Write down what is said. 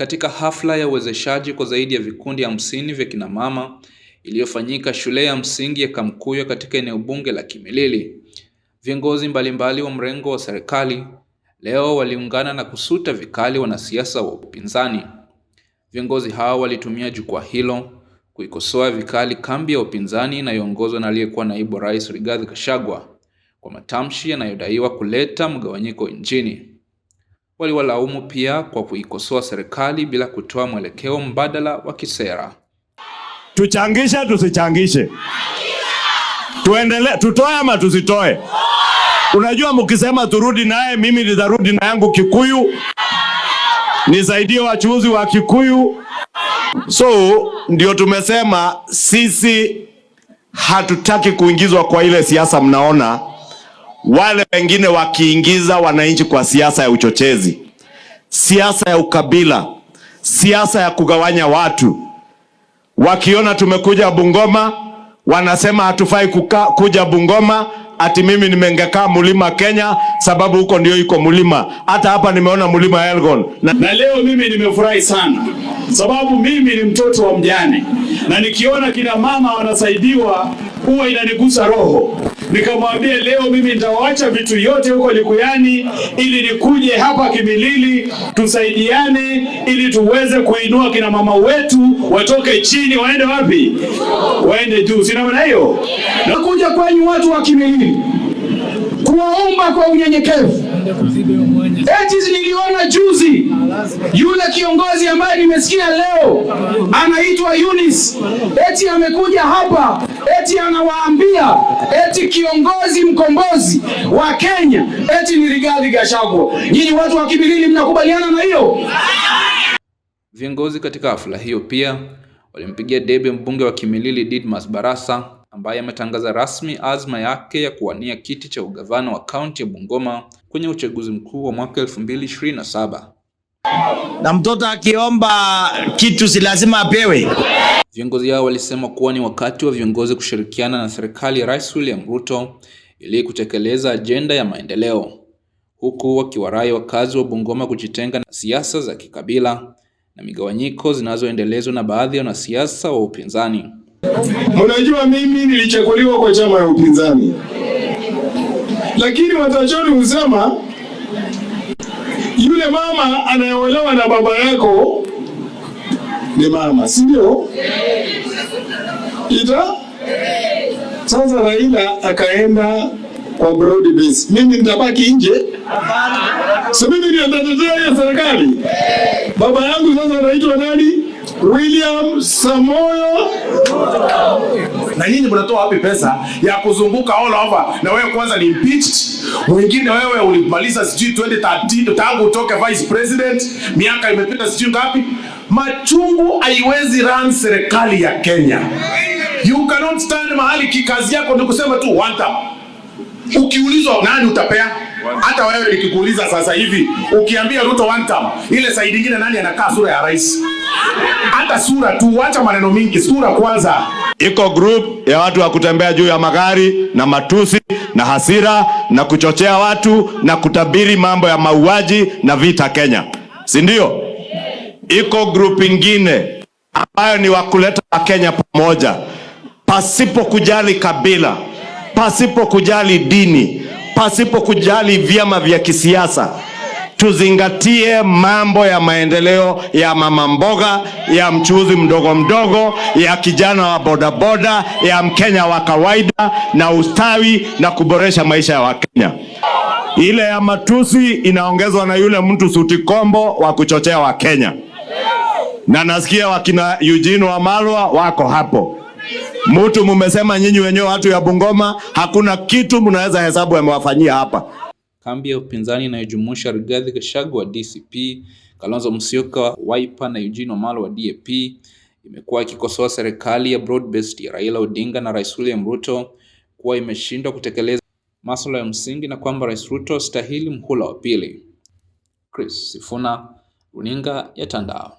katika hafla ya uwezeshaji kwa zaidi ya vikundi hamsini vya kinamama iliyofanyika shule ya msingi ya Kamkuyo katika eneo bunge la Kimilili. Viongozi mbalimbali wa mrengo wa serikali leo waliungana na kusuta vikali wanasiasa wa upinzani. Viongozi hao walitumia jukwaa hilo kuikosoa vikali kambi ya upinzani inayoongozwa na aliyekuwa naibu rais Rigathi Gachagua kwa matamshi yanayodaiwa kuleta mgawanyiko nchini waliwalaumu pia kwa kuikosoa serikali bila kutoa mwelekeo mbadala wa kisera. Tuchangishe tusichangishe, tuendelee, tutoe ama tusitoe? Unajua, mkisema turudi naye, mimi nitarudi na yangu Kikuyu, nisaidie wachuuzi wa Kikuyu. So ndio tumesema sisi hatutaki kuingizwa kwa ile siasa mnaona wale wengine wakiingiza wananchi kwa siasa ya uchochezi, siasa ya ukabila, siasa ya kugawanya watu. Wakiona tumekuja Bungoma wanasema hatufai kuja Bungoma ati mimi nimengekaa mlima Kenya sababu huko ndio iko mlima. Hata hapa nimeona mlima Elgon na, na leo mimi nimefurahi sana sababu mimi ni mtoto wa mjane, na nikiona kina mama wanasaidiwa huwa inanigusa roho nikamwambia leo mimi nitawaacha vitu yote huko Likuyani ili nikuje hapa Kimilili tusaidiane, ili tuweze kuinua kina mama wetu watoke chini waende wapi? Waende juu, sina maana hiyo. Nakuja kwenyu watu wa Kimilili kuwaomba kwa unyenyekevu eti niliona juzi yule kiongozi ambaye nimesikia leo anaitwa Yunis, eti amekuja hapa eti anawaambia eti kiongozi mkombozi wa Kenya eti ni Rigathi Gachagua. Nyinyi watu wa Kimilili mnakubaliana na hiyo? Viongozi katika hafla hiyo pia walimpigia debe mbunge wa Kimilili Didmas Barasa ambaye ametangaza rasmi azma yake ya kuwania kiti cha ugavana wa kaunti ya Bungoma kwenye uchaguzi mkuu wa mwaka 2027. Na mtoto akiomba kitu si lazima apewe. Viongozi hao walisema kuwa ni wakati wa viongozi kushirikiana na serikali ya Rais William Ruto ili kutekeleza ajenda ya maendeleo, huku wakiwarai wakazi wa Bungoma kujitenga na siasa za kikabila na migawanyiko zinazoendelezwa na baadhi ya wanasiasa wa upinzani. Mnajua mimi nilichaguliwa kwa chama ya upinzani lakini watachoni husema yule mama anayeolewa na baba yako ni mama, si ndio? Ita sasa Raila akaenda kwa broad base, mimi nitabaki nje? so mimi ndio nitatetea hiyo serikali? Baba yangu sasa anaitwa nani? William Samoyo. Na nyinyi mnatoa wapi pesa ya kuzunguka all over? Na wewe kwanza ni impeached, mwingine wewe ulimaliza sijui 2013 tangu utoke vice president, miaka imepita sijui ngapi. Machungu haiwezi run serikali ya Kenya. You cannot stand mahali kikazi yako ndio kusema tu wanta, ukiulizwa nani utapea hata wewe nikikuuliza sasa hivi ukiambia Ruto one term, ile side nyingine nani anakaa sura ya rais? Hata sura tu, wacha maneno mingi, sura kwanza. Iko group ya watu wa kutembea juu ya magari na matusi na hasira na kuchochea watu na kutabiri mambo ya mauaji na vita Kenya, si ndio? Iko group ingine ambayo ni wakuleta Wakenya pamoja pasipo kujali kabila, pasipo kujali dini pasipo kujali vyama vya kisiasa. Tuzingatie mambo ya maendeleo ya mama mboga, ya mchuuzi mdogo mdogo, ya kijana wa bodaboda, ya Mkenya wa kawaida, na ustawi na kuboresha maisha ya Wakenya. Ile ya matusi inaongezwa na yule mtu suti kombo wa kuchochea Wakenya, na nasikia wakina Eugene Wamalwa wako hapo. Mutu mumesema nyinyi wenyewe watu ya Bungoma, hakuna kitu mnaweza hesabu amewafanyia hapa. Kambi ya upinzani inayojumuisha Rigathi Gachagua wa DCP, Kalonzo Musyoka Wiper na Eugene Wamalwa wa DAP imekuwa ikikosoa serikali ya broad-based ya Raila Odinga na Rais William Ruto kuwa imeshindwa kutekeleza masuala ya msingi na kwamba Rais Ruto stahili mhula wa pili. Chris Sifuna, Runinga ya Tandao.